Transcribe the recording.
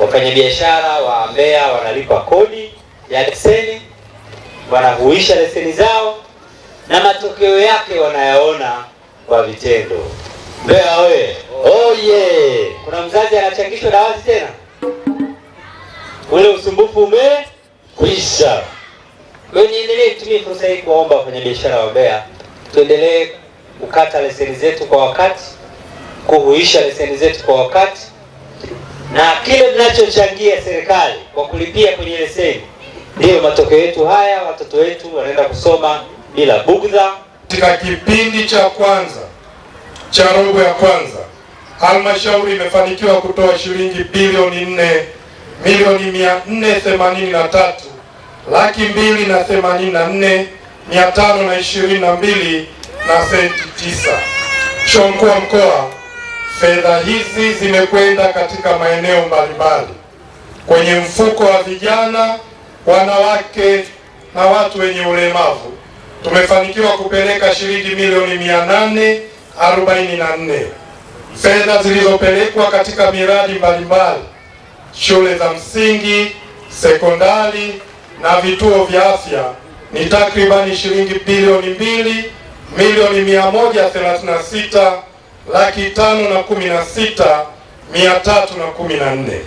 Wafanyabiashara wa Mbeya wanalipa kodi ya leseni, wanahuisha leseni zao, na matokeo yake wanayaona kwa vitendo. Mbeya oye! yeah. Kuna mzazi anachangishwa dawati tena, ule usumbufu umekwisha. Kwa niendelee kutumia fursa hii kuwaomba wafanyabiashara wa Mbeya tuendelee kukata leseni zetu kwa wakati, kuhuisha leseni zetu kwa wakati na kile tunachochangia serikali kwa kulipia kwenye leseni, ndiyo matokeo yetu haya, watoto wetu wanaenda kusoma bila bugdha. Katika kipindi cha kwanza cha robo ya kwanza halmashauri imefanikiwa kutoa shilingi bilioni nne milioni mia nne themanini na tatu laki mbili na themanini na nne mia tano na ishirini na mbili na senti tisa. Mkuu wa mkoa Fedha hizi zimekwenda katika maeneo mbalimbali kwenye mfuko wa vijana, wanawake na watu wenye ulemavu. Tumefanikiwa kupeleka shilingi milioni 844 na nne fedha zilizopelekwa katika miradi mbalimbali, shule za msingi, sekondari na vituo vya afya ni takribani shilingi bilioni mbili milioni mia moja na sita laki tano na kumi na sita mia tatu na kumi na nne.